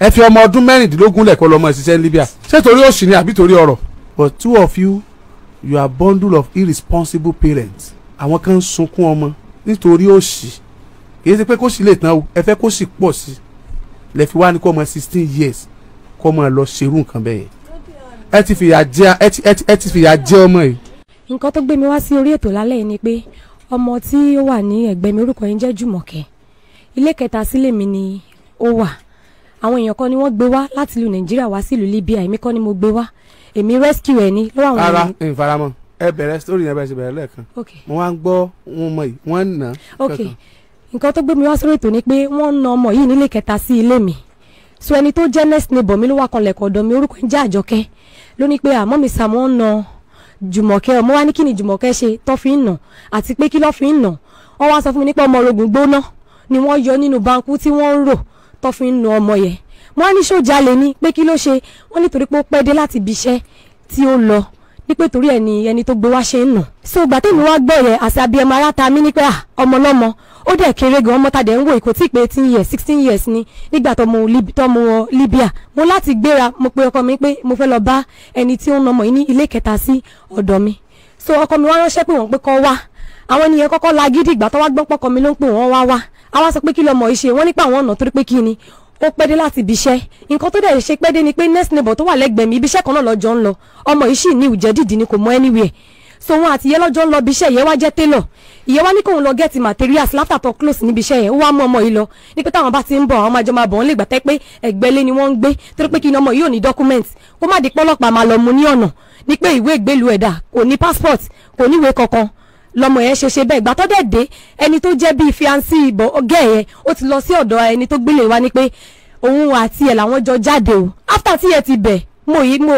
ẹ fi ọmọ ọdún mẹ́rìndínlógún lẹ̀kọ́ lọ́mọ ìṣiṣẹ́ ní Libya ṣé torí òṣì ni àbí torí ọ̀rọ̀. but two of you you are bundle of irresponsible parents àwọn kan ń sunkún ọmọ nítorí òṣì kì í ṣe pé kó sì lè tán o ẹ fẹ́ kó sì pọ̀ sí i lẹ fi wá ní kọ́ ọmọ sixteen years kọ́ ọmọ lọ ṣerú nǹkan bẹ́ẹ̀ ẹ ti fìyà jẹ ẹ ti fìyà jẹ ọmọ yìí. nǹkan tó gbé mi wá sí orí ètò lálẹ́ yìí ni pé ọmọ tí ó wà ní ẹ̀gbẹ́ mi orúkọ yẹn jẹ́ Jùmọ̀kẹ́ ilé kẹta sílé mi ni ó wà àwọn èèyàn kan ni wọ́n gbé wá láti ìlú nàìjíríà wá sí ìlú libya èmi kọ́ ni mo gbé wá èmi rescue ẹ̀ ni lọ́wọ́ àwọn èèyàn. rárá n faramọ́ ẹ bẹ̀rẹ̀ story yẹn bẹ́ẹ̀ ṣe bẹ̀rẹ̀ lẹ́ẹ̀kan mo wá ń gbọ́ wọn mọ yìí wọ́n nà. ok nǹkan tó gbé mi wá sórí ètò ni pé wọ́n ń na ọmọ yìí nílé kẹta sí ilé mi so ẹni tó jẹ́ next neighbor mi ló wà kanlẹ̀kọ̀ ọ̀dọ̀ mi orúkọ ń jẹ́ àjọkẹ́ ló ní pé àmọ́ mi sàmọ́ ń na jùmọ̀kẹ́ ọmọ wa ní kí ni jùmọ̀kẹ́ ṣe tó fi ń nà àti pé kí ló fi ń nà wọ́n wá sọ fún mi nípa ọmọ orogún gbóná ni wọ́n yọ nínú banku tí wọ́n ń rò tó fi ń nu ọmọ yẹn wọ́n ní ṣó ni pé kí ló ṣe wọ́n nítorí pé ó pẹ́ dé láti ibi iṣẹ́ tí ó lọ ní pé torí ẹ̀ ẹni tó gbé wá ṣe ń nà. so ìgbà tèmi wá gbọ́ yẹn àti abiyamọ aráta mi ní pé ah, ọmọ lọ́mọ ó dẹ̀ kéré gan ọmọ tàdé ń wò kò tí ì eighteen years sixteen years ni nígbà tọmọ Libya mo láti gbéra mo pe ọkọ mi pé mo fẹ́ lọ bá ẹni tí ó ń nọmọ yìí ní ilé kẹta sí ọ̀dọ̀ mi so ọkọ mi wá ránṣẹ́ pé wọ́n pé kọ́ wá àwọn ènìyàn kọ́kọ́ la gidi ìgbà tó wá gbọ́n pọ́kọ mi ló ń pè wọ́n wá wá àwa sọ pé kí lọmọ yìí ṣe wọ́n nípa àwọn ọ̀nà torí pé kí ni ó pẹ́ dé láti ibi iṣẹ́ nǹkan tó dẹ̀ ṣe pẹ́ dé ni pé next neighbor tó wà lẹ́gbẹ̀ẹ́ mi ibi iṣẹ́ kan náà lọ́jọ́ ń lọ ọmọ yìí sì ní ìjẹ́ dìdí ni kò mọ anywhere so wọn àti ìyẹn lọ́jọ́ ń lọ ibi iṣẹ́ ìyẹn wá jẹ́ tailor ìyẹn wá ní kóun lọ get materials láfta tó close níbi iṣẹ́ yẹn ó wá mú ọmọ yìí lọ ní pé táwọn bá ti ń bọ̀ àwọn máa bọ̀ wọ́n lè gbàtẹ́ pé ẹ̀gbẹ́lé ni wọ́n ń gbé torí pé kí ni ọmọ yìí ò ní documents kó má di pọ́lọ́pàá máa lọ mú ní ọ̀nà ní pé ìwé ìgbélú ẹ̀dà kò ní passport kò ní ìwé kankan lọmọ yẹn ṣe ṣe bẹ́ẹ̀ ìgbà tó dẹ̀ dé ẹni tó jẹ́ bíi fiancé ìbọn ọgẹ́ yẹn ó ti lọ sí ọ̀dọ̀ ẹni tó gbélé wa ni pé òun àti ẹ̀ làwọn jọ jáde o after tí yẹn ti bẹ̀ mo yí mo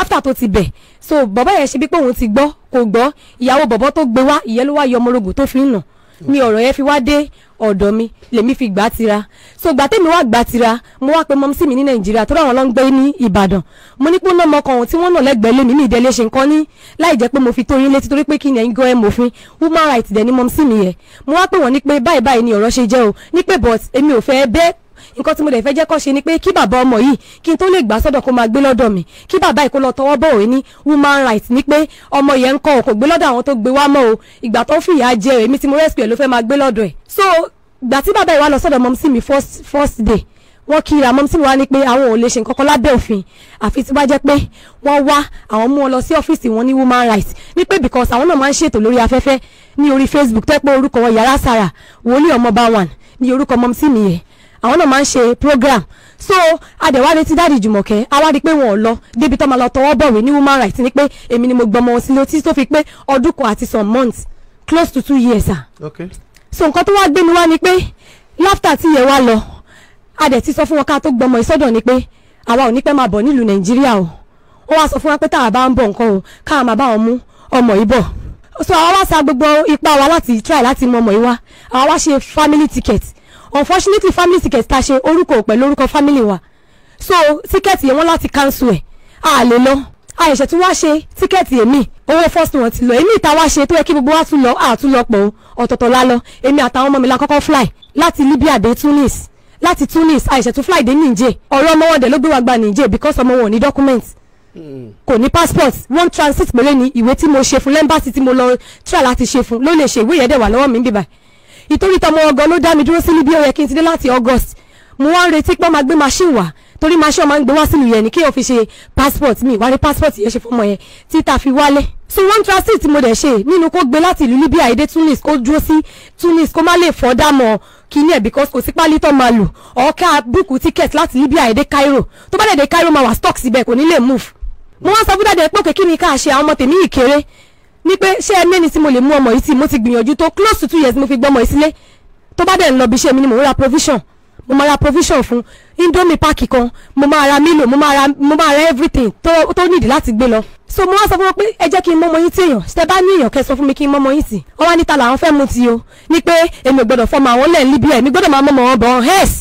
after tó ti bẹ̀ so bọ̀bọ̀ yẹn ṣe bí pé òun ti gbọ́ kò gbọ́ ìyàwó bọ̀bọ̀ tó gbé wá ìyẹn ló wá yọ ọmọ rogùn tó fi ń nà mi ọ̀rọ̀ yẹn fi wá dé ọ̀dọ̀ mi lèmi fi gbà tira so gbà tèmi wá gbà tira mo wá pe mọ́mísì mi ní nàìjíríà tó ráwọn lọ́ngbé ní ìbàdàn mo ní pé nọ́ọ̀mọ kan tí wọ́n nà lẹ́gbẹ̀ẹ́ lé mi ní ìdẹ́lẹ́ ṣe nǹkan ní láì jẹ́ pé mo fi torí létí torí pé kí ni ẹ̀yin gan ẹ̀ mòfin human rights dẹ̀ ni mọ́mísì mi yẹ mo wá pé wọ́n ní pé báyìí báyìí ni ọ̀rọ̀ ṣe jẹ́ o ní pé but èmi ò fẹ́ bẹ́ẹ̀ nǹkan tí mo dẹ̀ fẹ́ jẹ́ kó ṣe ni pé kí bàbá ọmọ yìí kí n tó lè gbà sọ́dọ̀ kó máa gbé lọ́dọ̀ mi kí bàbá yìí kó lọ tọwọ́ bọ̀wé ní woman right ni pé ọmọ yẹn ń kọ́ ò kò gbé lọ́dọ̀ àwọn tó gbé wá mọ́ o ìgbà tó fìyà jẹ èmi tí mo rẹ́sìpẹ̀ ló fẹ́ máa gbé lọ́dọ̀ ẹ̀ so ìgbà tí bàbá yìí wá lọ sọ́dọ̀ mọ́mísì mi first day wọ́n kí ra mọ́mísì mi wá ní pé àwọn ò lè ṣe nǹkan kan lábẹ́ òfin àfi tí wá jẹ́ pé wọ́n wá àwọn mú wọn lọ sí ọ́fíìsì wọn ní woman rights ní pé because àwọn náà máa ń ṣètò lórí afẹ́fẹ́ ní orí Facebook tẹ́pẹ́ orúkọ wọn yàrá sára wòlíì ọmọ bá wàn ní orúkọ mọ́mísì mi yẹn àwọn náà máa ń ṣe program so adẹ̀wá retí dáàdì jùmọ̀kẹ́ a wá rí i pé wọn ò lọ débi tó máa lọ tọwọ́ bọ̀wé ní woman rights ni pé èmi ni mo gbọmọ wọn sílé tí tó fi pé ọdún kan àti some months close to two years ah. okay. so nǹkan tó wá gbé mi wá ni pé láftà tí yẹ wá lọ adẹ̀ ti sọ fún wọn ká tó gbọmọ ìsọdọ̀ ni pé àwa ò ní pẹ́ máa bọ̀ nílùú nàìjíríà o wọ́n wá sọ fún wa pé táwa bá ń bọ̀ nǹkan o káà máa bá wọn mú ọmọ yìí bọ̀ so àwa wá sa gbogbo ipá wa láti try láti mọ ọmọ yìí wá àwa wá ṣe family ticket unfortunately family ticket ta ṣe orúkọ ò pẹ̀lú orúkọ family wa so ticket yẹn wọ́n láti cancel ẹ̀ a lè lọ àìṣẹ̀ tí wọ́n ṣe tíkẹ́ẹ̀tì èmi owó first one ti lọ èmi ìta wá ṣe tó yẹ kí gbogbo wa tún lọ àtún lọ pọ̀ ọ̀tọ̀ọ̀tọ̀ la lọ èmi àtàwọn ọmọ mi la kọ́kọ́ fly láti Libya dé Tunis láti Tunis àìṣẹ̀ tún fly dé Niger ọ̀rọ̀ ọmọ wọn dẹ̀ ló gbé wa gba Niger because ọmọ wọn ò ní document hmm. kò ní passport one transit péré ni ìwé tí mo ṣe fún lẹ́mbàsì tí mo lọ try láti ṣe fún ló lè ṣe ìwé yẹn dẹ̀ wà lọ́wọ́ mi bíbáyìí ìtorí tọmọ ọgọ ló dá mi dúró sí níbi ó yẹ kí n ti dé láti August mo wá ń retí pé wọ́n máa gbé machine wá torí machine máa ń gbé wá sínú yẹn ni kí o fi ṣe passport mi ìwárí passport yẹn ṣe fọmọ yẹn títa fi wálé. so one transit mo dẹ̀ ṣe nínú kó gbé láti ìlú Libya èdè Tunis kó dúró sí Tunis kó má lè fọ́ dámọ̀ kíní ẹ̀ because kò sí pálí tó máa lò ọ̀ọ́ká búùkù ticket láti Libya èdè Cairo tó bá dẹ̀ dé Cairo máa wà stock síbẹ̀ kò ní lè move. mo wá sọ fún dáadé pé òkè kí ni ká ṣe àwọn ọmọ tèmi ìkéré ní pé ṣé ẹ lẹ́ni tí mo lè mú ọmọ yìí sí mo ti gbìyànjú tó close to two years mo fi gbọ́ ọmọ yìí sílé tó bá dẹ̀ ń lọ bí iṣẹ́ mi ni mo ra provision mo máa ra provision fún indomie pack kan mo máa ra milo mo máa ra mo máa ra everything tó tó nídìí láti gbé lọ. so mo wá sọ fún wọn pé ẹ jẹ́ kí n mọ́mọ yín tí èèyàn ṣe bá ní èèyàn kẹ́ sọ fún mi kí n mọ́mọ yín sí. wọ́n wá níta làwọn fẹ́ mu ti o ní pé èmi ò gbọ́dọ̀ fọmọ àwọn lẹ́ẹ̀ níbi ẹ̀ mi gbọ́dọ̀ máa mọ́mọ wọn bọ̀ hẹ́ẹ̀sì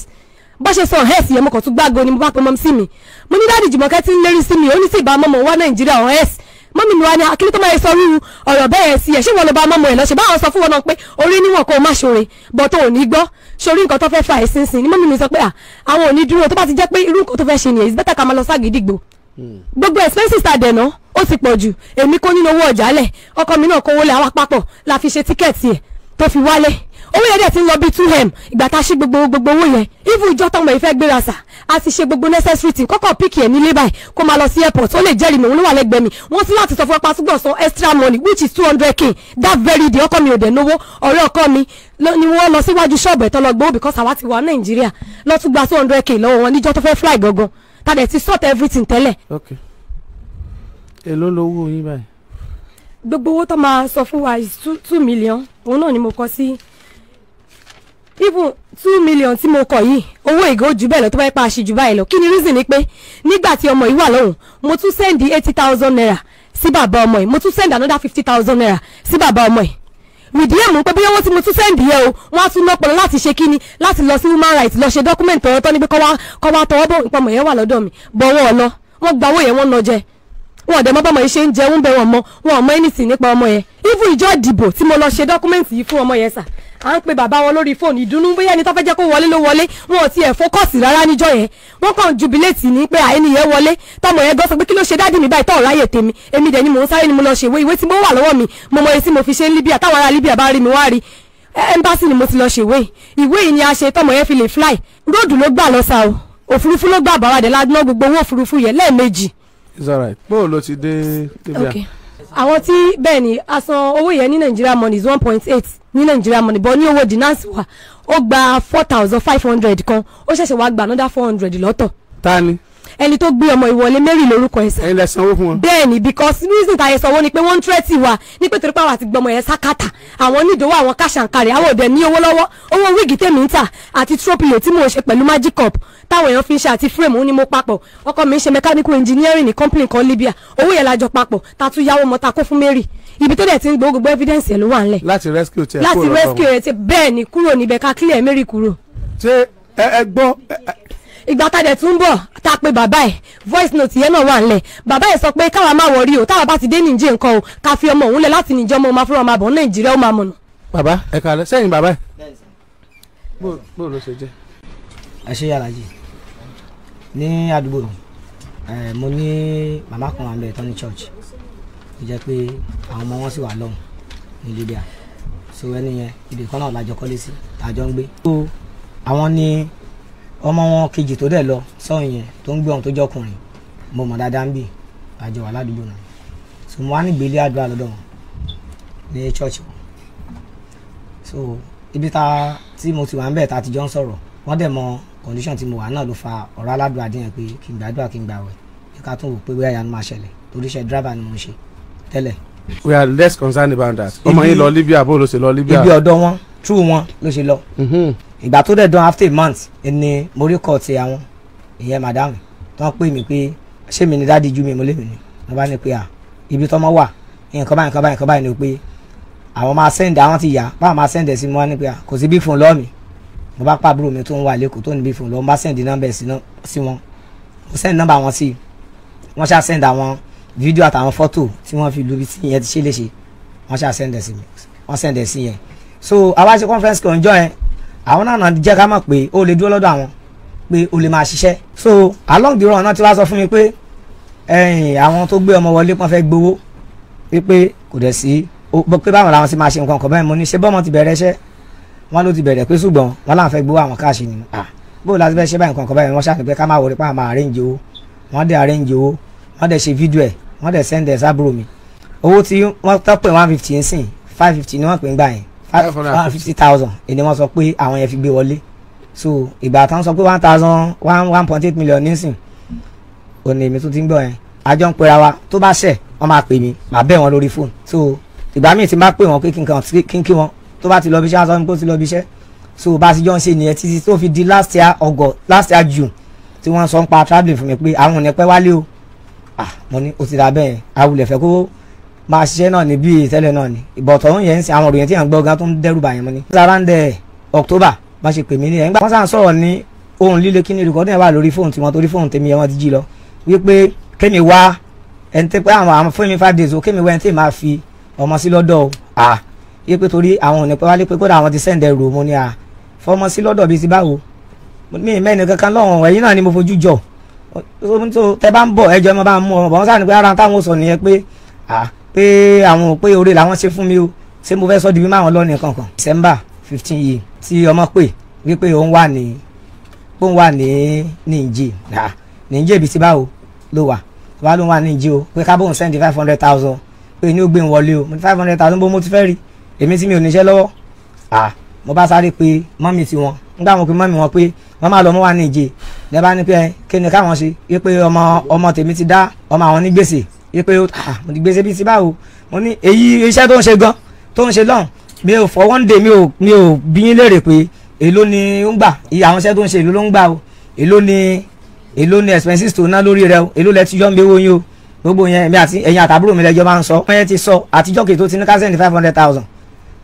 bó ṣe sọ hẹ́ẹ̀sì yẹn mo kàn tún gbágo ni mo bá pe mọ́ sí mi mo ní dáàdì Jùmọ̀kẹ́ tí ń lérí sí mi ó ní sì bá mọ́mọ wá Nàìjíríà hẹ́ẹ̀sì mọ́mí mi wá ní akíní ah, tó máa sọ rú ọ̀rọ̀ bẹ́ẹ̀ sí ẹ̀ ṣé wọn ló bá mọ́mọ́ ẹ̀ lọ ṣe báwọn sọ fún wọn náà pé orí níwọ̀n kó o má ṣoore bọ́ tó ò ní gbọ́ ṣorí nǹkan tó fẹ́ fà ẹ́ sínsìn ni mọ́mí mi sọ pé ah, àwọn ò ní dúró tó bá ti jẹ́ pé irú nǹkan tó fẹ́ ṣe nìyẹn it's better ká máa lọ ságídígbò hmm. gbogbo expenses ta dẹ̀nà ó ti pọ̀ jù èmi kó nínú owó ọ̀jálẹ̀ ọkọ mi náà kówó lẹ̀ àwọn àpapọ̀ la fi ṣe tíkẹ́ẹ̀tì ẹ̀ tó fi wálé owó yẹn dẹ̀ ti ń lọ bíi two m ìgbà tá a ṣe gbogbo gbogbo owó yẹn even ìjọ tọmọ yìí fẹ́ gbéra sà a ti ṣe gbogbo necessary thing kọ́kọ́ píkì ẹ̀ nílé báyìí kó máa lọ sí airport ó lè jẹ́rìí mi òun ló wà lẹ́gbẹ̀ẹ́ mi wọ́n ti láti sọ fún ọpá ṣùgbọ́n san extra money which is two hundred k that very day ọkọ mi ò dẹ̀ náwó ọ̀rẹ́ ọkọ mi ni wọ́n lọ síwájú ṣọ́ọ̀bù ẹ̀tọ́ lọ gbowó because àwa ti wà nàìjíríà lọ́tún gba two hundred k lọ́wọ́ wọn níjọ́ tó fẹ́ fly gangan ta dẹ̀ ti sort everything tẹ́lẹ̀. okay èló lowó yín báyìí. gbogbo owó tó máa sọ fún wa is two two million òun náà ni mo kọ sí even two million tí mo kọ yìí owó ìgò jù bẹ́ẹ̀ lọ tó bá yẹ pa àṣì báyìí lọ kí ni reason ni pé nígbà tí ọmọ yìí wà lọ́hùn mo tún send eighty thousand naira sí bàbá ọmọ yìí mo tún send another fifty thousand naira sí bàbá ọmọ yìí wìdí èmú pé bóyá owó tí mo tún send yẹ o wọ́n á tún ná pọ̀lọ́ láti ṣe kíni láti lọ sí human rights lọ ṣe document tọ̀rọ̀ tọ́ ni pé kọ́ wá tọwọ́ bọ̀ ìpamọ̀ yẹn wà lọ́dọ̀ mi bọ̀wọ́ ọ lọ wọ́n gbawó yẹn wọ́n nọ jẹ́ wọn ọ̀dẹ̀ mọ́ bọ́mọ yìí ṣe ń jẹ ń bẹ wọn mọ wọn ò mọ anything nípa ọmọ yẹn ifu ìjọ ìdìbò tí mo lọ ṣe dọ́kúmẹ́ǹtì yìí fún ọmọ yẹn sà à ń pe bàbá wọn lórí fóònù ìdùnnú bóyá ẹni tó fẹ́ jẹ́ kó wọlé ló wọlé wọn ò tiẹ̀ fókọ̀sì rárá níjọ́ yẹn wọ́n kàn jubiléètì ní pé àìní yẹn wọlé tọmọ yẹn gbọ́sọ pé kí ló ṣe dáàdì mi báyìí tọ́ ọ̀ráyè tèmi èmi dẹ̀ ni mò ń sáré ni mo lọ ṣèwé ìwé tí mo wà lọ́wọ́ mi mo mọ èsì mo fi ṣe ní Libya táwọn ará Libya bá rí mi wá rí ẹmbásì e, ni mo ti lọ ṣèwé ìwé yìí ni a ṣe tọmọ yẹn fi lè fly róòdù ló gbà lọ sa o òfurufú ló gbà bàwádẹ ládùnà gbogbo owó òfurufú yẹn lẹ́ẹ̀mejì it's alright bó o ló ti dé libya. okay àwọn tí bẹ́ẹ̀ ni a san owó yẹn ní nigeria money is one point eight ní nigeria money bọ́ ní owó dinars wa ó gba four thousand five hundred kan ó ṣẹ̀ṣẹ̀ wá gba another four hundred lọ́tọ̀. ta ni. ẹni tó gbé ọmọ ìwọlé mary lórúkọ ẹsẹ. ẹyin lẹ sanwó fún wọn. bẹ́ẹ̀ ni because reason ta yẹ sanwó ni pé wọ́n ń tírẹ́tì wa ní pé torí pé àwọn àti gbọmọ yẹn sákàtà àwọn onídòwò àwọn káṣàǹkarì àwọn òde ní owó lọ́wọ́ owó wíìgì tèmi ń tà àti tropilé tí mò ń ṣe pẹ̀lú magic cup táwọn èèyàn fi ń ṣe àti frame ó ní mo papọ̀ ọkọ mi ń ṣe mechanical engineering ní company kan Libya owó yẹn la jọ papọ̀ ta tún yáwó mọ́ ta kó fún Mary ibi tó dẹ̀ ti ń gbọ́ gbogbo evidence ẹ̀ ló wà ńlẹ̀. láti rescue tiẹ̀ kúrò láti rescue ẹ̀ ti bẹ́ẹ̀ ni kúrò níbẹ̀ ká clear Mary kúrò. ṣé ẹ ẹ gbọ́ ìgbà tá a dẹ̀ tún bọ̀ tá a bàbá ẹ̀ voice note yẹn náà wà nílẹ̀ bàbá ẹ̀ sọ pé káwa máa wọrí o táwa bá ti dé níjẹ́ nǹkan o ká fi ọmọ òun lẹ̀ láti níjẹ́ ọmọ ọmọ afúnra ọmọ àbọ̀ nàìjíríà ó máa mọ̀nà. bàbá ẹ kàlẹ́ sẹ́yìn bàbá ẹ̀ bó ló ṣe jẹ́. ẹ ní àdúgbò mi eh, mo ní màmá kan wà níbẹ̀ tán ní church ó jẹ́ pé àwọn ọmọ wọn sì wà lọ́hùn ní Libya so ẹni yẹn ibì kan náà lájọ kọ́lé sí lájọ ń gbé. so àwọn ni ọmọ wọn kejì tó dẹ̀ lọ sọ́hùn yẹn tó ń gbé ohun tó jọkùnrin mo mọ̀ dáadáa ń bì àjọ wà ládùúgbò náà so mo wá nígbèélé àdúrà lọ́dọ̀ wọn ní church wọn so ibi ta tí mo ti wà ń bẹ̀ ta ti jọ ń sọ̀rọ̀ wọ́n dẹ̀ mọ condition tí mo wà náà ló fa ọ̀rọ̀ aládùn àdéhùn pé kí n gbàdúrà kí n gbàwẹ̀ kí ká tún wò pé bóyá ìyanu máa ṣẹlẹ̀ torí iṣẹ́ driver ni mo ṣe tẹ́lẹ̀. we are less concerned about that. ọmọ yín lọ Libya bó ló ṣe lọ Libya. ibi ọ̀dọ̀ wọn True wọn ló ṣe lọ. Mhm. ìgbà tó dẹ̀ dán after a month ni mo rí kọ́ ti àwọn ìyẹn madam tó ń pè mí pé ṣé mi ni dáàdi ju mi mo lé mi ni mo bá ní pé à ibi tọ́mọ wà nǹkan báyìí nǹkan báyìí nǹkan báyìí ni pé àwọn máa send àwọn ti yà báwọn máa send ẹ̀ sí mi wọ́n ní pé à kò sí bí fún lọ́ọ̀mì mo bá pàbúrò mi tó ń wà lẹ́kọ̀ọ́ tó níbi fún lọ mo bá sẹ́ndì nọ́mbà ẹ̀ sí wọn mo sẹ́ndì nọ́mbà wọn sí wọ́n ṣáà sẹ́ndì àwọn fídíò àtàwọn fọ́tò tí wọ́n fi lubi tí yẹn ti ṣe léṣe wọ́n ṣáà sẹ́ndì ẹ̀ sí mi wọ́n sẹ́ndì ẹ̀ sí yẹn so àwa ṣe conference kan jọ yẹn àwọn náà jẹ́ ká mọ̀ pé ó lè dúró lọ́dọ̀ àwọn pé ó lè máa ṣiṣẹ́ so along the road náà ti wá sọ fún mi pé ẹ̀yìn àwọn tó gbé ọmọ wọlé pọ́n fẹ́ gbowó wípé kò dẹ̀ sí pé báwọn làwọn sì máa ṣe nǹkan kan bẹ́ẹ̀ mo ní ṣe bọ́mọ ti bẹ̀rẹ̀ iṣẹ́ wọn ló ti bẹ̀rẹ̀ pé ṣùgbọ́n wọn láwọn fẹ́ gbowó àwọn káàṣì nínú à bó láti fẹ́ ṣe báyìí nǹkan kan báyìí wọ́n ṣàpèpẹ́ ká máa wọlé pa àmà àrẹ́ǹjì owó wọ́n dẹ̀ àrẹ́ǹjì owó wọ́n dẹ̀ ṣe fídíò ẹ̀ wọ́n dẹ̀ sẹ́ndẹ̀ sábúrò mi owó tí wọ́n tọ́ pé one fifty ń sìn five fifty ni wọ́n pè ń gbà yẹn one fifty thousand èdè wọ́n sọ pé àwọn yẹn fi gbé wọlé so ìgbà tán sọ pé one thousand one one point eight million ní sìn òní èmi tó ti ń gbọ́ yẹn àjọ ń pera wa tó bá ṣẹ̀ wọ́n máa pè mí màá bẹ̀ wọ́n lórí fóònù so ìgbà míì ti máa pè wọ́n kí n kí wọ́n tó bá ti lọ bí iṣẹ́ aṣọ ni kó ti lọ bí so bá a ti jọ ń ṣe nìyẹn títí tó fi di last year August last year June tí wọ́n sọ ń pa travelling fún mi pé àwọn ò ní pẹ́ wálé o ah mo ní o ti ra bẹ́ẹ̀ awulẹ̀ fẹ́ kó máa ṣiṣẹ́ náà ní bíi tẹ́lẹ̀ náà ni ìbọ̀tọ̀ ń yẹn ń sin àwọn òròyìn tí à ń gbọ́ gan tó ń dẹ́rù bàyẹn mo ní. around October bá ṣe pè mí nìyẹn nígbà wọ́n sàn sọ̀rọ̀ ní ohun líle kí ni rìkọ́dún ẹ̀ wà lórí fóònù tiwọn torí fóònù tèmi yẹn wọ́n ti jí lọ wípé kémi wá ẹni tẹ́ pé àwọn àwọn fún mi five days o kémi wá ẹni tẹ́ máa fi ọmọ sí lọ́dọ̀ o ah yípe torí àwọn òní wálé pé kódà àwọn ti sẹ́ǹdẹ̀ rò mo ní à fọmọ sí lọ́dọ̀ bíi ti báwo mi mẹ́ni kankan lọ́wọ́n ẹ̀yìn náà ni mo fojú jọ tẹ bá ń bọ̀ ẹjọ́ mo bá ń mú ọmọ bọ́n sáà ní pé ara táwọn sọ nìyẹn pé pé àwọn pé oore làwọn ṣe fún mi o ṣé mo fẹ́ sọ di bí máwọn lọ́ọ̀nì kankan. December fifteen yìí tí ọmọ pè wípé òun wà ní òun wà ní níjì níjì ibi tí báwo ló wà bá ló wà níjì o pé kábọ̀n send five hundred thousand pé ní ó gbé ń wọlé o five hundred thousand bó mo ti fẹ́ rí èmi tí mi ò níṣẹ́ lọ́wọ́ à mo bá sáré pé mọ́mì tí wọn nígbà wọn pé mọ́mì wọn pé wọ́n máa lọ mọ́ wa ní ìje lẹ́bàá ní pé kí ni káwọn ṣe yí pé ọmọ ọmọ tèmi ti dá ọmọ àwọn ní gbèsè yí pé mo ti gbèsè bíi ti báwo mo ní èyí iṣẹ́ tó ń ṣe gan tó ń ṣe lọ́hùn mi ò for one day mi ò mi ò bí yín léèrè pé èló ni ó ń gbà iye àwọn iṣẹ́ tó ń ṣe èló ló ń gbà o èló ni èló ni expenses tó ná lórí rẹ o èló lẹ ti yọ ń gbé owó yín o gbogbo yẹn èmi àti ẹ̀yin àtàbúrò mi lẹ́jọ́ máa ń sọ pẹ́yẹ́ ti sọ àtijọ́ kè tó ti ní kásẹ̀ǹdì five hundred thousand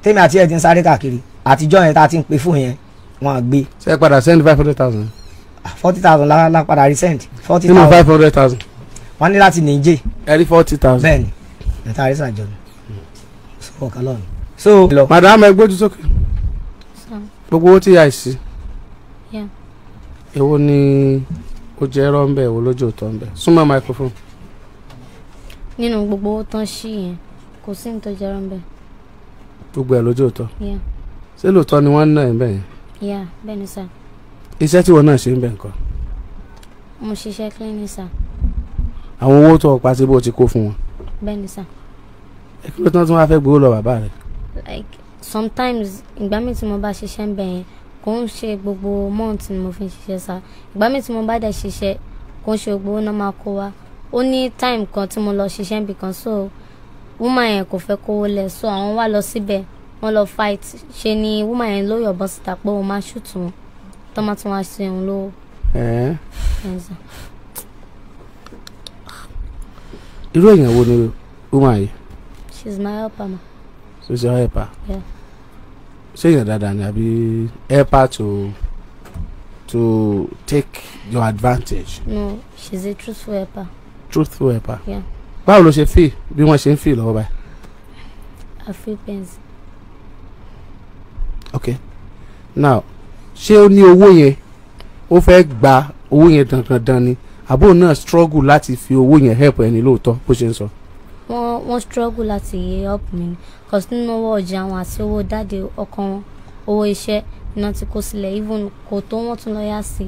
tèmi àti ẹ̀ ti ń sáré káàkiri àtijọ́ yẹn tá a ti ń pe fóònù yẹn wọn à gbé. ṣe padà send five hundred thousand. Ah, forty thousand la la padà resend. forty thousand nínú five hundred thousand. wọ́n ní láti níjẹ́. ẹ rí forty thousand. bẹ́ẹ̀ni ẹta àrísà jọ ni sọ ọkàn lọrun. so madam ẹ gbójú sókè gbogbo owó tí yà sí èwo ni ó jẹ ẹrọ ńbẹ èwo lójú òtọ ńbẹ súnmọ́ microphone. nínú gbogbo owó tán sí yẹn kò sí ní ẹrọ ńbẹ gbogbo ẹ̀ lójú òótọ́ ṣé lóòótọ́ ni wọ́n ń nà ẹ̀ bẹ́ẹ̀ yẹn. bẹ́ẹ̀ ni sà. iṣẹ́ tí wọ́n náà ṣe ń bẹ̀ nǹkan. mo ṣiṣẹ́ cleaning sà. àwọn owó tó o pa sí bó o ti kó fún wọn. bẹ́ẹ̀ ni sà. ẹ kí ló tán tí wọ́n á fẹ́ gbowó lọ bàbá rẹ̀. like sometimes ìgbà mi tí mo bá ṣiṣẹ́ ń bẹ̀ yẹn kò ń ṣe gbogbo month ni mo fi ń ṣiṣẹ́ sá ìgbà mi tí mo bá dẹ̀ ṣiṣẹ́ kò ń ṣe gbogbo náà máa kó wa ó ní time kan tí mo lọ ṣiṣẹ́ nbìkan so woman yẹn kò fẹ́ kówó lẹ̀ so àwọn wá lọ síbẹ̀ wọ́n lọ fight ṣe ni woman yẹn ló yọ̀bọ síta pé òun máa ṣùtù wọn tọ́mọ tí wọ́n á ṣe òun lówó. irú èèyàn wo ni woman yìí. she is my helper ma. she is your helper. Yeah. ṣé èèyàn dáadáa ni àbí helper to to take your advantage. no she is a truthful helper. truthful helper. Yeah báwo ló ṣe feel bí wọ́n ṣe ń feel lọ́wọ́ báyìí. I feel pains. okay now ṣé ó ní owó yẹn ó fẹ́ gba owó yẹn dandandan ni àbò náà struggle láti fi owó yẹn help ẹni lóòótọ́ bó ṣe ń sọ. wọ́n wọ́n struggle láti help mi cause nínú owó ọjà wọn àti owó dáde ọkọ wọn owó iṣẹ́ iná tí kò sílẹ̀ even kò tó wọ́n tún lọ́ọ́ yá sí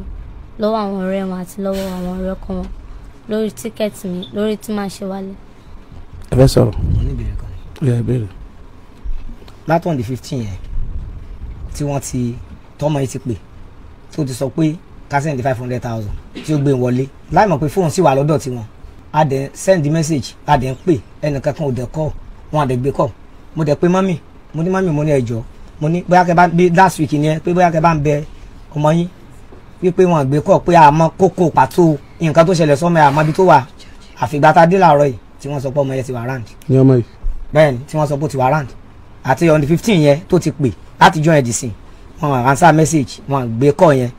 lọ́wọ́ àwọn ọ̀rẹ́ wọn àti lọ́wọ́ àwọn ọ̀rẹ́ ọkọ wọn lórí tíkẹ́ẹ̀tì mi lórí tí màá ṣe wálé. ẹ fẹ́ sọ̀rọ̀. mo ní ìbéèrè kan ní. ẹ béèrè. látọ̀n di fifteen yẹn tí wọ́n ti tọ́mọ yìí ti pè tó ti sọ pé ká sẹ́ndì five hundred thousand tí ó gbé e wọlé láì mọ̀ pé fóònù sì wà lọ́dọ̀ tiwọn a dẹ̀ send mẹ́sàgì a dẹ̀ ń pè ẹnìkan kan ò dẹ̀ kọ́ wọn a dẹ̀ gbé kọ́ mo dẹ̀ pé mọ́mì mo ní mọ́mì mo ní ẹ̀jọ̀ mo ní bóyá kẹ́ bá bí last week ni ẹ pé bóyá kẹ́ bá ń bẹ ọmọ yín wípé wọn gbé kọ pé àmọ́ kókó pàtó nǹkan tó ṣẹlẹ̀ sọmọ àmọ́ ibi tó wà àfìgbà tá a dé làárọ̀ yìí tí wọ́n sọ pé ọmọ yẹn ti wà round. ní ọmọ yìí. bẹ́ẹ̀ni tí wọ́n sọ pé ó ti wà round àti on the fifteen yẹn tó ti pè láti join ẹ̀dìsìn wọn answer message wọn gbé kọ yẹn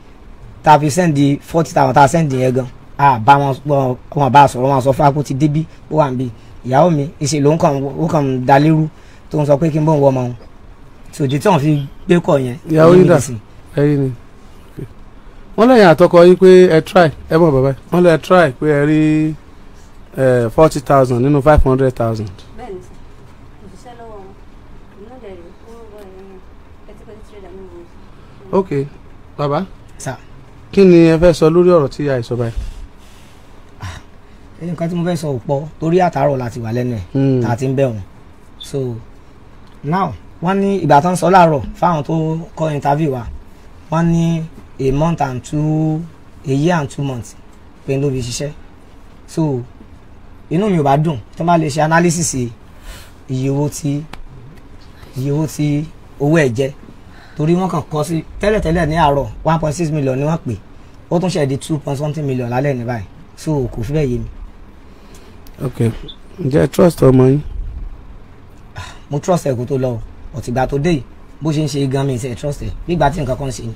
tá a fi send the forty thousand tá a send yẹn gan a bá wọn wọn bá a sọ̀rọ̀ wọn sọ fún akó ti débí ó wà ń bí ìyàwó mi ìṣèlú ó kàn ń dalérú tó ń sọ pé kí n bọ̀ ń wọ ọmọ òun tòjú tí wọn fi gbé kọ yẹn. ìyàwó yìí dà ẹyin ni wọ́n lẹ́yìn àtọkọ yín pé ẹ try ẹ mọ̀ bàbá wọ́n lẹ́ try pé ẹ rí forty thousand nínú five hundred thousand. bẹ́ẹ̀ni Baba. Sa. lọ́wọ́ wọn iná dẹrẹ ó wọ ẹyìn pẹtipẹti tírẹdà mi wò. ok bàbá kí ni ẹ fẹ́ sọ lórí ọ̀rọ̀ tí àìsọ báyìí. Ah, nǹkan tí mo fẹ́ sọ ò pọ̀ torí àtàárọ̀ láti wà lẹ́nu ẹ̀ hmm. tá a ti ń bẹ̀ wọ́n so now wọ́n ní ìgbà tó ń sọ láàárọ̀ fáwọn tó kọ́ interview wa wọ́n ní a month and two a year and two months pé n ló fi ṣiṣẹ́ so inú mi ò bá dùn tó bá lè ṣe analysis iye owó tí iye owó tí owó ẹ̀ jẹ́ torí wọ́n kàn kọ sí tẹ́lẹ̀tẹ́lẹ̀ ní àárọ̀ one point six million ni wọ́n pè ó tún ṣẹ̀ di two point something million lálẹ́ ní báyìí so kò fi bẹ́ẹ̀ yé mi. ok ǹjẹ́ trust ọmọ yín. Ah, mo trust ẹ̀ kó tó lọ ọ̀tìgbà tó dé yìí bó ṣe ń ṣe gan mi ṣe trust ẹ̀ bí ìgbà tí nǹkan kan ṣe ni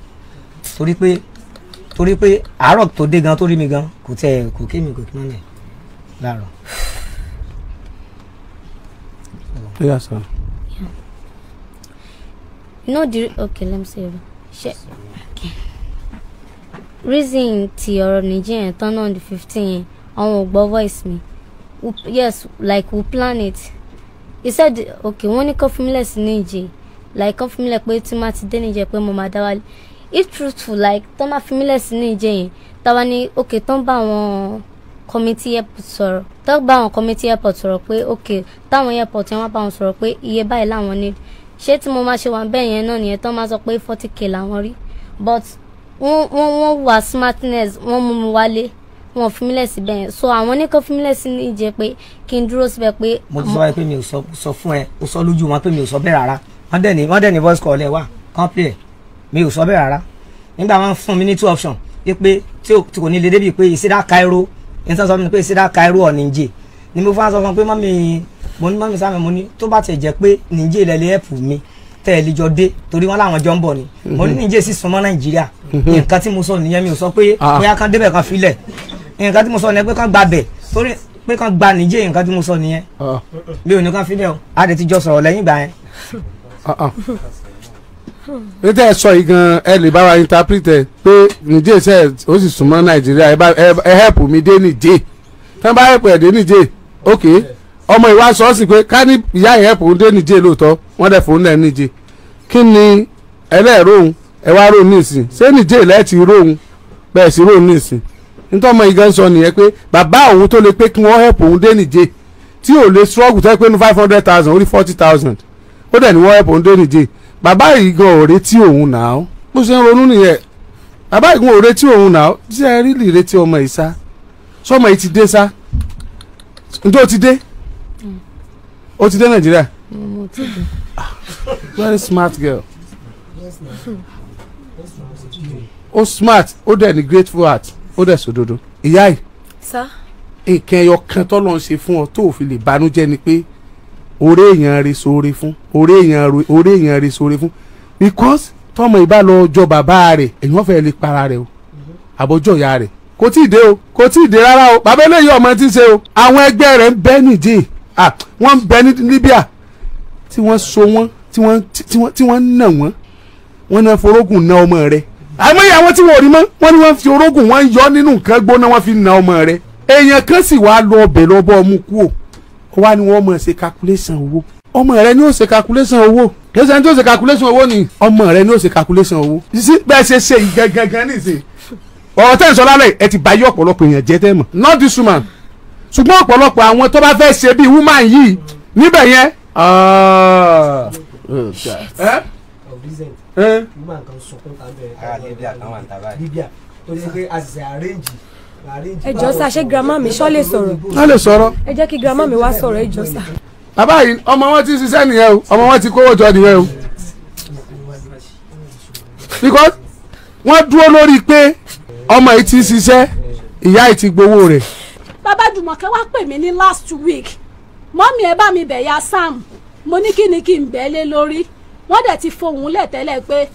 torí pé torí pé àárọ̀ tó dé gan tó rí mi gan kò tẹ kò kí mi kò kí mọ́lẹ̀ láàárọ̀. No, the okay, let me say. She, okay. Reason ti ọ̀rọ̀ Nigerian turn on the fifteen yẹn, àwọn ò gbọ́ voice mi. Yes, like we plan it. He said, okay, wọ́n ní kọ́fúnmílẹ̀ sí Nìjẹ́, like kọ́fúnmílẹ̀ pé tí má ti dé Nìjẹ́ pé mo máa dá wálé if truthful like tán máa fi mí lẹ́sìn ní ìjẹ́ yẹn táwa ni ok tán bá àwọn committee airport sọ̀rọ̀ tán bá àwọn committee airport sọ̀rọ̀ pé ok táwọn airport yẹn wọ́n bá wọn sọ̀rọ̀ pé iye báyìí làwọn ní ṣé tí mo máa ṣe wà bẹ́ẹ̀ yẹn náà nìyẹn tán máa sọ pé forty k làwọn rí but wọ́n wọ́n wọ́n wà smartness wọ́n mú mi wálé wọn fi mílẹ̀ síbẹ̀ yẹn so àwọn oníkan fi mílẹ̀ sí ní ìjẹ́ pé kí n dúró síbẹ̀ pé. mo ti sọ wáyé pé mi ò sọ fún ẹ o sọ lójú wọn pé mi ò sọ bẹ́ẹ̀ rárá wọ́n dẹ̀ ní wọ́n voice call ẹ wá kàn pè mi ò sọ bẹ́ẹ̀ rárá nígbà wọn fún mi ní two option pé tí kò ní lè débi pé ìsídà Cairo nítorí sọ mi pé ìsídà Cairo ọ̀ níjẹ́ ni mo fún wa sọ fún pé mọ́mí mo ní mọ́mí sámi mo ní tó bá tẹ̀ jẹ́ pé níjẹ́ ilẹ̀ lè ẹ̀pù mi tẹ̀ lè jọ dé torí wọn làwọn jọ ń bọ̀ ni mo ní níjẹ́ sì súnmọ́ Nàìjíríà mhm. nǹkan tí mo sọ nìyẹn mi ò sọ pé ah. bóyá kan débẹ̀ kan filẹ̀ nǹkan tí mo sọ nìyẹn pé kan gba bẹ̀ torí pé kan gba níjẹ́ nǹkan tí mo sọ nìyẹn ah. mi ò ní kan filẹ̀ o a lè ti jọ sọ̀rọ̀ lẹ́yìn ìgbà yẹn. Ah, pété ẹ sọ yìí gan ẹ lè bá wa interpret pé nìjẹ́ sẹ́ ó sì nàìjíríà ẹ help mi dé nìjẹ́ bá help dé nìjẹ́ ok ọmọ ìwà sọ sí pé ká ní ìyá help òun dé nìjẹ́ lóòótọ́ wọ́n dẹ̀ fòun nìjẹ́ kí ni ẹlẹ́ẹ̀rọ̀hún ẹ wá rò ṣé nìjẹ́ lẹ́ẹ̀tì rọ̀hún bẹ́ẹ̀ rò nítorí ọmọ ìgan sọ nìyẹn pé bàbá òun tó lè pé kí wọ́n help òun dé nìjẹ́ tí ò lè struggle tó yẹ bàbá ìgò òre tí òun nà ó bó ṣe ń ronú nìyẹn bàbá ìgò òre tí òun nà ó ṣe é rí lè retí ọmọ yìí sá sọmọ yìí ti dé sá ǹjẹ́ o ti dé o ti dé nàìjíríà very smart girl ó smart ó dẹ̀ ní grateful heart ó dẹ̀ sòdodo ìyá yìí nǹkan ẹyọ kan tọ́lọ́ ń ṣe fún ọ tó o fi lè banújẹ́ ni pé orí èèyàn rè sóore fún orí èèyàn rè orí èèyàn rè sóore fún because tọmọ ìbá lọ jọ bàbá rẹ̀ èyàn fẹ́ lè para rẹ̀ o àbọjọ ìyá rẹ̀ kò tí ì dé o kò tí ì dé rárá o bàbá eléyìí ọmọ ti ń ṣe o àwọn ẹgbẹ́ rẹ̀ ń bẹ nìjì wọ́n ń bẹ ní Libya tí wọ́n so wọ́n tí wọ́n nà wọ́n wọ́n náà forógùn ná ọmọ rẹ̀ àmọ́ ìyá wọn tí wọ́n rí mọ́ wọ́n ní wọ́n fi orógùn wọn yọ nínú nǹkan gbóná wọ́n fi nà ọmọ rẹ̀ èèyàn kan sì wá lọ ọbẹ̀ lọ́bọ̀ ọmú kú o ó wá ní wọ́n mọ̀ ṣe calculation owó ọmọ rẹ ni ó ṣe calculation owó kìí ṣe ní tí ó ṣe calculation owó ni ọmọ rẹ ni ó ṣe calculation owó bẹ́ẹ̀ ṣe ṣe ìgangan nìsín ọ̀rọ̀ tẹ́ ń sọ lálẹ́ ẹ ti báyé ọ̀pọ̀lọpọ̀ èèyàn jẹ́ tẹ́ mọ̀ not this woman ṣùgbọ́n ọ̀pọ̀lọpọ̀ àwọn tó bá fẹ́ ṣe bíi woman yìí níbẹ̀ yẹn. Ah. Oh, eh? Eh? Eh? woman kan sọkún ah, kan bẹ̀rẹ̀ kan bẹ̀rẹ̀ Libya tó ẹ jọ sá ṣé girama mi ṣọ́ lè sọ̀rọ̀. wọ́n lè sọ̀rọ̀. ẹ jẹ́ kí girama mi wá sọ̀rọ̀ ẹ jọ sá. bàbá yìí ọmọ wọn ti ṣiṣẹ́ nìyẹn o ọmọ wọn ti kówó jọ nìyẹn o. because wọ́n dúró lórí pé ọmọ yìí ti ṣiṣẹ́ ìyá yìí ti gbowó rẹ̀. bàbá Jùmọ̀kẹ́ wá pè mí ní last week mọ́mí ẹ bá mi bẹ̀ ya Sam mo ní kí ni kí n bẹ̀ lé lórí wọ́n dẹ̀ ti fohùn lẹ̀ tẹ́lẹ̀ pé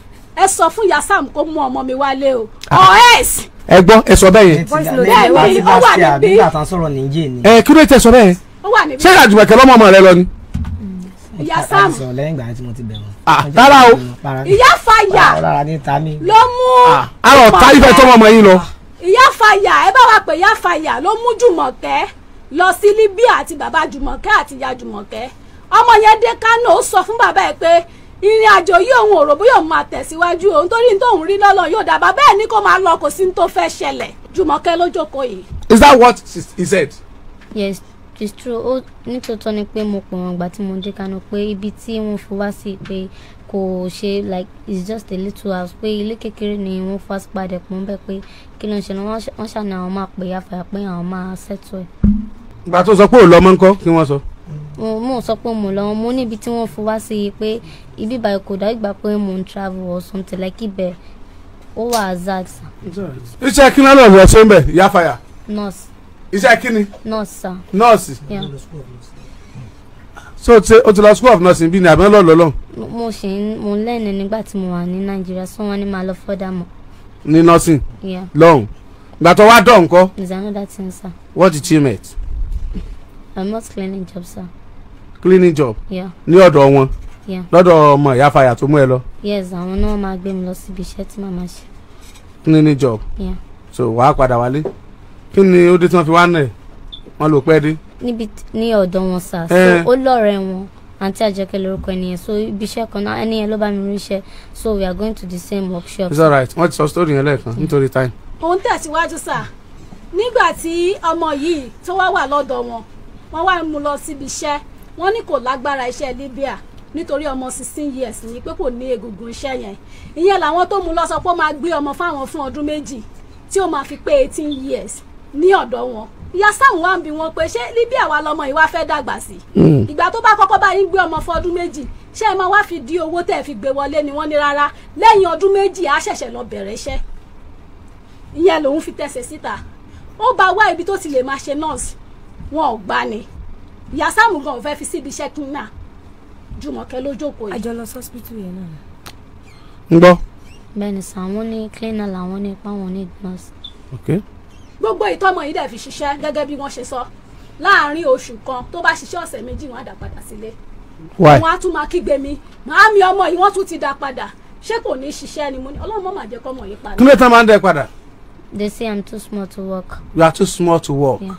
ẹ sọ fún yasam kó mú ọmọ mi wálé o ọ̀ẹ́s. Ah. ẹ gbọ́ ẹ sọ bẹ́ẹ̀ yẹn. bẹ́ẹ̀ ni ó wà níbí. E. ẹ kí ló tẹ sọ bẹ́ẹ̀ yẹn. ó wà níbí. ṣé àjùmọ̀kẹ́ lọ́mọ ọmọ rẹ lọ ni. yasam ah, rárá o ìyá fàyà ló mú. àrò ah, tá ìfẹ́ tọ́mọ ọmọ yín lọ. ìyá fàyà ẹ bá wa pè ìyá fàyà ló mú jùmọ̀kẹ́ lọ sí libya àti bàbá jùmọ̀kẹ́ àti ìyá jùmọ̀kẹ́ ọmọ yẹn dé kánò ó sọ fún bàbá ẹ pé ìrìn àjò yìí òun ò rò bóyá òun máa tẹ̀síwájú òun torí tóun rí lọ́lọ́ yóò dàbá bẹ́ẹ̀ ni kó máa lọ kò sí tó fẹ́ ṣẹlẹ̀ jùmọ̀kẹ́ ló jókòó yìí. is that what he said. yes it's true ó nítòótọ́ ni pé mo pè wọ́n gbà tí mo dé Kano pé ibi tí wọ́n fi wá sí pé kò ṣe like it's just a little house pé ilé kékeré ni wọ́n fast padà pọ̀ ń bẹ̀ pé kí ló ń ṣe wọ́n ṣàna àwọn máa pè é àfàyà pé àwọn máa ṣètò ẹ̀. ìgbà tó sọ pé òun lọ ń kọ́ kí wọ́n sọ. So mo sọ pé mo lọ mo níbi tí wọ́n fún sí i pé ibi báyìí kò dájú gbà pé mo ń travel or something like ibẹ̀ ó wà azad. iṣẹ́ kí náà lọ́ọ́ ṣe ń bẹ̀ ìyá fàyà. nurse. iṣẹ́ kí ni. nurse sir. nurse. so o ti lọ school of nursing bí ni àbí lọ́ọ́ lọ́ọ́. mo ṣe mo ń lẹ́nu nígbà tí mo wà ní nàìjíríà so wọ́n ní máa lọ further mọ́. ní nursing. lọ́hùn gbàtọ̀ wá dọ̀ nǹkan. is another thing sir. what did you meet. I'm not cleaning job sir cleaning job ní ọ̀dọ̀ wọn lọ́dọ̀ ọmọ ìyá fàyà tó mú ẹ lọ. yes àwọn náà máa gbé mi lọ síbi iṣẹ́ tí màmá ṣe. cleaning job Yeah. so wàá padà wálé kí ni ó dé tí wọ́n fi wá nà ẹ̀ wọ́n lò pẹ́ dé. níbi ní ọ̀dọ̀ wọn sà so eh. ó lọ́ọ̀rẹ́ wọn àǹtí àjọkẹ́ lórúkọ ẹni so ibi iṣẹ́ kan náà ẹni ló bá mi rí iṣẹ́ so we are going to the same workshop. it's alright wọ́n ti sọ story yẹn lẹ́ẹ̀kan nítorí time. òun tẹ̀síwájú sà nígbà tí ọmọ yìí tó wá wà lọ́dọ̀ wọn wọ́n wá mú lọ síbi iṣẹ́ wọ́n ní kò lágbára iṣẹ́ Libya nítorí ọmọ sixteen years ni pé kò ní egungun iṣẹ́ yẹn ìyẹn làwọn tó mú lọ sọ pé ó máa gbé ọmọ fáwọn fún ọdún méjì tí ó máa fi pé eighteen years ní ọ̀dọ̀ wọn ìyá sáwọn wá ń bi wọn pé ṣé Libya wa lọmọ ìwà fẹ́ dàgbà sí hmm. ìgbà tó bá kọ́kọ́ bá yín gbé ọmọ fún ọdún méjì ṣé ẹ máa wá fi di owó tẹ́ ẹ fi gbé wọlé ni wọ́n ní rárá lẹ́yìn ọdún méjì á ṣẹ̀ṣẹ̀ lọ bẹ̀rẹ̀ iṣẹ́ ìyẹn lòun fi tẹ̀sẹ̀ síta ó bá wá ibi tó ti lè máa ṣe nurse wọn ò gbani ìyá sáàmù gan ò fẹ́ fi síbi iṣẹ́ kí náà jùmọ̀kẹ́ ló yìí. àjọ lọ sọ́sibítù yẹn náà. ń gbọ́. bẹ́ẹ̀ni sàn wọ́n ní cleaner làwọn ní ipa wọn ní nurse. gbogbo ìtọ́mọ yìí dẹ̀ fi ṣiṣẹ́ gẹ́gẹ́ bí wọ́n ṣe sọ láàárín oṣù kan tó bá ṣiṣẹ́ ọ̀sẹ̀ méjì wọ́n á dà padà sílé. wọ́n á tún máa kígbe mi màá mi ọmọ yìí wọ́n tún ti dà padà ṣé kò ní ṣiṣẹ́ ni mo ní ọlọ́run mọ́ màá jẹ́ kọ́mọ yìí padà. kí ló tán máa ń dẹ padà. they say i'm too small to work. you are too small to work. Yeah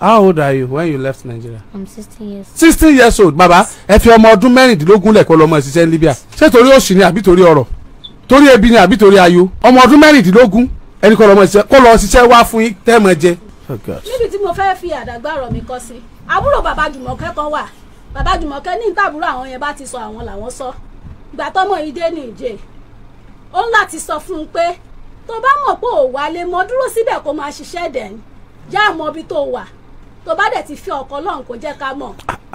how old are you when you left Nigeria. i'm sixteen years. sixteen years old baba ẹ fi ọmọ ọdún mẹ́rìndínlógún lẹ̀kọ́ lọ́mọ ṣiṣẹ́ ní Libya ṣé torí òṣì ni àbí torí ọrọ̀ torí ebi ni àbí torí ayo ọmọ ọdún mẹ́rìndínlógún ẹni kọ́ lọ́mọ ṣiṣẹ́ kó lọ ṣiṣẹ́ wá fún yín tẹ́ẹ̀mọ jẹ. Oh níbi tí mo fẹ́ fi àdàgbàrọ̀ mi kọ́ sí àbúrò bàbá Jùmọ̀kẹ́ kan wà bàbá Jùmọ̀kẹ́ ní ìtàbúrò àwọn yẹn bá ti sọ àwọn làwọn sọ ìgbà tọmọ yìí dé ní ìjẹ ó ń láti sọ fún un pé tó bá mọ̀ pé ò wálé mọ́ dúró síbẹ̀ kó máa ṣiṣẹ́ dẹ̀ ní já mọ́ ibi tó wà tó bá dẹ̀ ti fi ọkọ lọ́hùn kó jẹ́ ká mọ̀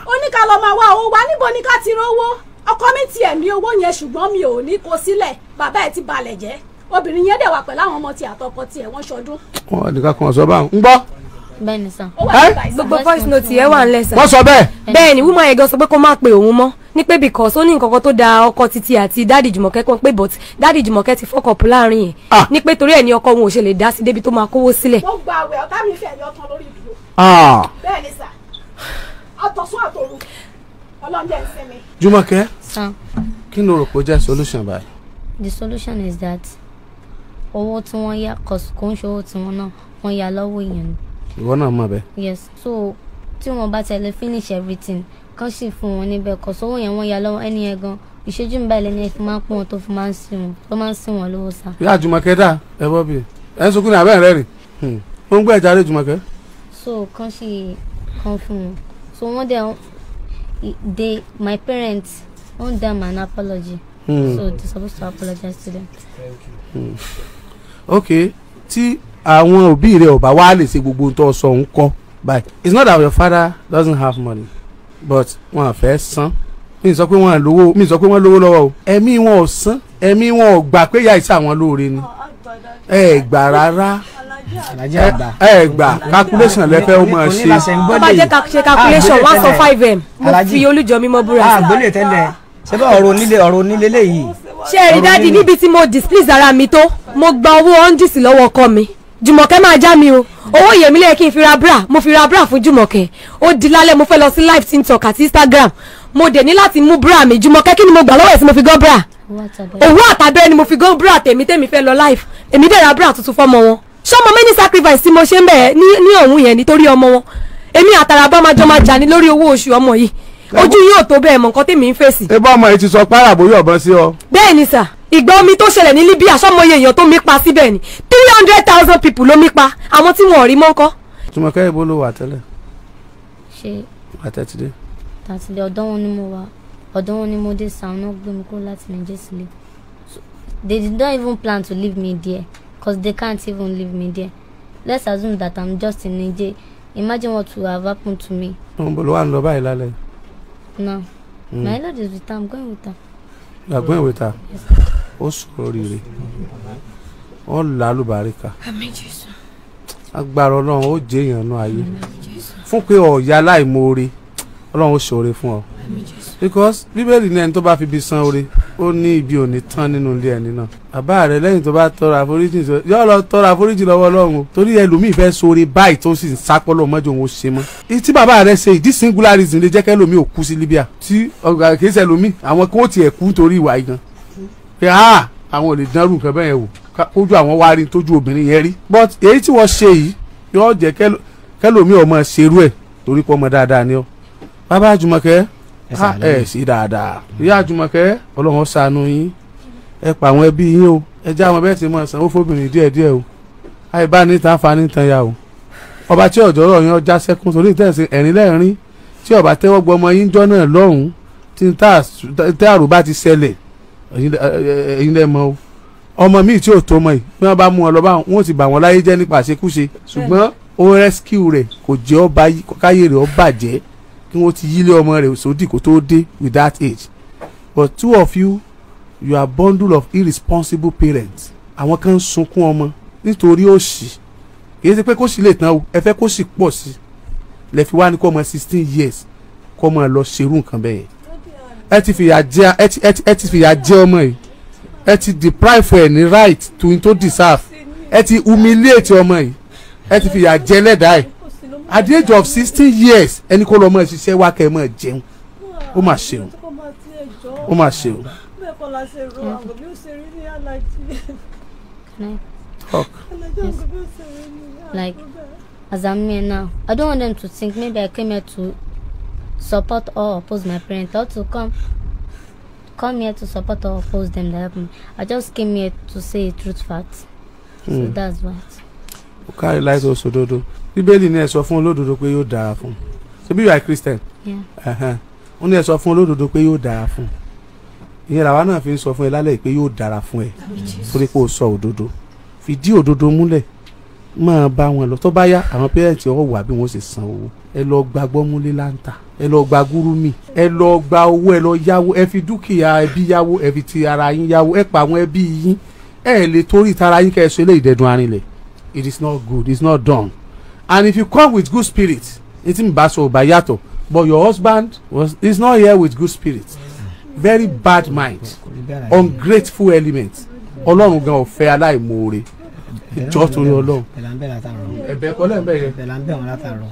ó ní ká lọ máa wá owó wa níbo ni ká ti rówó ọkọ mi tiẹ̀ ní owó yẹn ṣùgbọ́n mi ò ní kó sílẹ̀ bàbá ẹ̀ ti balẹ̀ jẹ́ obìnrin yẹn dẹ̀ wà pẹ̀lú àwọn ọmọ tí àtọkọ tiẹ̀ wọ́n ṣọdún. wọn nìkan kan sọ báwọn ń gbọ́. bẹ́ẹ̀ni sàn. gbogbo voice note yẹn wà ń lẹ wọ́n sọ bẹ́ẹ̀. bẹ́ẹ̀ni woman yẹn gan sọ pé kó má pe òun mọ́ ní pé because ó ní nǹkan kan tó da ọkọ títí àti dáàdì jùmọ̀kẹ́ kan pé but dáàdì jùmọ̀kẹ́ ti fọ́kọ̀ pọ̀ láàrin yẹn ah. ní pé torí ẹ̀ ní ọkọ wọn ò ṣe lè dá sí débi tó máa kówó sílẹ̀. wọ́n gba àwẹ̀ ọ̀tá mi fẹ́ yọ tán lórí ìdúró. Ah. bẹ́ẹ̀ ni sà àtọ̀sún àtòru ọlọ́dẹ ń sẹ́mi. jùmọ̀kẹ́ kí ni o rò pé ó jẹ́ solution báyìí. the solution is that owó tí wọ́n yá kò ń ṣe owó tí wọ́n náà wọ́n yá lọ́wọ́ èèyàn. ìwọ náà mọ̀ bẹ́ẹ̀. yes so tí wọ́n bá tẹ̀lé finish everything kán sì fún wọn níbẹ̀ kò sówó yẹn wọ́n ya lọ́wọ́ ẹni yẹn gan ìṣẹ́jú mi báyìí lẹ́ni ẹ̀ fi máa ń pọ́n wọn tó fi máa ń sìn wọn tó máa ń sìn wọn lówó sa. ìyá àjùmọ̀kẹ́ dà ẹ bọ́ bí ẹ ń sunkún ní abẹ́ rìn mo hmm. ń gbọ́ ẹ̀já rẹ̀ jùmọ̀kẹ́. so kán sì kan fún wọn so wọ́n dẹ̀ they my parents wọ́n dá an apology hmm. so they supposed to apologize to them. Thank hmm. okay tí àwọn òbí rẹ̀ ò bá wá lè ṣe gbogbo ohun tó sọ ń kọ́ bye it's not that your father doesn't have money but wọn fẹ́ san mi sọ pé wọn lówó mi sọ pé wọn lówó lọ́wọ́ o ẹ̀mí wọn ò san ẹ̀mí wọn ò gbà pé yà ìsà wọn lóore ni ẹ gbà rárá ẹ gbà calculation lẹfẹ o máa ṣe. ó bá jẹ́ ṣe calculation ah, one four five m mo fi olùjọ mímọ́ búra. àgbélé ah, tẹ́lẹ̀ ṣé bá ọ̀rọ̀ onílé ọ̀rọ̀ onílé léyìí. ṣé ẹ rí dáàdi níbi tí mo displease ara mi tó mo gba owó hundreds lọ́wọ́ ọkọ mi jùmọ̀kẹ́ máa já mi o owó yèmí lẹ́yìn kí n fi ra bra mo fi ra bra fún jùmọ̀kẹ́ ó di lálẹ́ mo fẹ́ lọ sí live tiktok àti instagram mo dẹ̀ ní láti mú bra mi jùmọ̀kẹ́ kí ni mo gbà lọ́wọ́ ẹ̀ sí mo fi gọ́ bra owó àtàbẹ́ ni mo fi gọ́ bra tèmi tèmi fẹ́ lọ live èmi dẹ̀ ra bra tuntun fọ́mọ wọn sọmọ mi ní sacrifice tí mo ṣe ń bẹ̀ ní ọ̀hún yẹn nítorí ọmọ wọn èmi àtàràbọ̀ máa jọ máa jà ní lórí owó oṣù ọmọ yìí ojú yóò tó bẹ́ẹ̀ mọ̀ nǹkan tèmi ń fèsì. ẹ bá ọmọ yìí ti sọ páràbóyọ̀ bọ́ sí ọ. bẹ́ẹ̀ sà ìgbà omi tó ṣẹlẹ̀ ní Libya sọ́mọye èèyàn tó mi pa síbẹ̀ ni three hundred thousand people ló mi pa àwọn tí wọn rí mọ́ ń kọ́. ibo ló wà tẹ́lẹ̀. ṣe àtẹ̀tìdé. tàtìdé ọ̀dọ́ wọn ni mo wà ọ̀dọ́ wọn ni mo dé sàn náà gbé mi kúrò láti Niger sílé they don't even plan to leave me there cause they can't even leave me there let's assume that i'm just in Niger imagine what would have happened to me. ọ̀hún bolo wa ń lọ báyìí lálẹ́. no mm. my lord is with am going with am. you are going with am. Yes ó sọ̀rọ̀ rere ó là lùbáríkà agbára ọlọ́run ó jẹ́ èèyàn náà ayé fún pé ọ̀ọ́yà láìmoore ọlọ́run ó ṣoore fún ọ because bíbélì ní ẹni tó bá fi ibi san oore ó ní ibi ò ní tán nínú ilé ẹni náà bàbá rẹ lẹ́yìn tó bá tọrọ àforíjì yóò lọ tọrọ àforíjì lọ́wọ́ Ọlọ́run o torí ẹlòmíì fẹ́ ṣoore báyìí tó sì ń sápọlọ mọjọ òun ó ṣe mọ. tí bàbá rẹ ṣe ìdí singularism lè jẹ́ kẹ́lòmíì ò kú sí Libya tí ọ̀gá kìí ṣẹlòmíì àwọn kò tiẹ̀ kú torí ìwà yìí gan pé ah àwọn ò lè dánrù nǹkan bẹ́ẹ̀ wò kójú àwọn wá rí tójú obìnrin yẹn rí but èyí tí wọ́n ṣe yìí yóò jẹ́ kẹlòmíì ọmọ ṣerú ẹ̀ torí pọ́ ọmọ dáadáa ni ọ́ bàbá àjùmọ̀kẹ́ ẹ ah, sí dáadáa ìyá àjùmọ̀kẹ́ ọlọ́run ṣàánú yín ẹ pa àwọn ẹbí yín o ẹ já àwọn bẹ́ẹ̀ tí mo sanwó fóbìnrin díẹ̀ díẹ̀ o àìbá níta fa nítan ya o ọba tí ọ̀jọ́ rọ̀ yín ọjà sẹ́kún torí ìtẹ̀sí ẹ̀rín lẹ́rìn tí ọba tẹ́wọ́ gbọmọ yín jọ́ náà lọ́hùn-ún tí ń tẹ́ àrùbá ti ṣẹlẹ̀ ẹ̀yin dẹ́ mọ́ o ọmọ míì tí ò tó mọ yìí bí wọ́n bá mú wọn lọ wọn ti bà wọ́n láyé jẹ́ nípa àṣekúṣe ṣùgbọ́n ó rẹ́síkìú rẹ̀ kò jẹ́ ó bá káyé rẹ̀ ó bàjẹ́ kí wọ́n ti yílé ọmọ rẹ̀ sódì kó tó dé with that age but two of you you are bundle of irresponsible parents àwọn kan ń sunkún ọmọ nítorí òṣì kìí ṣe pé kó sì lè tán o ẹ fẹ́ kó sì pọ̀ sí lẹ́fi wá ní kó ọmọ sixteen years kó ọmọ lọ ṣerú nǹkan bẹ́ẹ̀ yẹn ẹ ti fìyà jẹ ẹ ti ẹ ti ẹ ti fìyà jẹ ọmọ yìí ẹ ti deprive ẹ ní right to him to deserve ẹ ti humiliate ọmọ yìí ẹ ti fìyà jẹ lẹ́dàá ẹ̀ at the age of sixteen years ẹni kó lọ ọmọ ẹ ṣiṣẹ́ wá kẹ́ ẹ mọ̀ jẹun ó mà ṣeun ó mà ṣeun. Like, as I'm here now, I don't want them to think maybe I came here to support or oppose my parents or to come come here to support or oppose them that help me i just came here to say a truth fact mm. so hmm. that's what. o kárí láìsí oṣù dodo bíbélì ní ẹ sọ fún olódodo pé yóò dára fún un so bí you are christian ó ní ẹ sọ fún olódodo pé yóò dára fún un ìyẹn làwa náà fi ń sọ fún ẹ lálẹ́ pé yóò dára fún ẹ torí pé o sọ òdodo fìdí òdodo múlẹ̀ máa bá wọn lọ tó bá yá àwọn pẹ́rẹ́ǹtì ọ̀ wà bí wọ́n ṣe san owó ẹ lọ gba gbọ́múlé láǹtà ẹ lọ gba gúrúmì ẹ lọ gba owó ẹ lọ yáwó ẹ fi dúkìá ẹbí yáwó ẹ fi ti ara yín yáwó ẹ pa àwọn ẹbí yín ẹ lè torí tara yín kẹ́ ẹ sọ eléyìí dẹ̀dùn arinlẹ̀ it is not good it is not done and if you come with good spirit etí mi bá sọ bá yàtọ̀ but your husband was is not here with good spirit very bad mind ungrateful element ọlọ́run gan ò aláìmoore ìjọ torí Ọlọ́run. ẹ̀là ń bẹ̀ látàrọ. ẹ̀bẹ̀ kọ́ lẹ́ ń bẹ̀ yẹn. ẹ̀là ń bẹ̀ wọn látàrọ.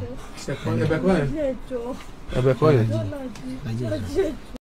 ẹ̀bẹ̀ kọ́ yẹn. ẹ̀bẹ̀ kọ́ yẹn.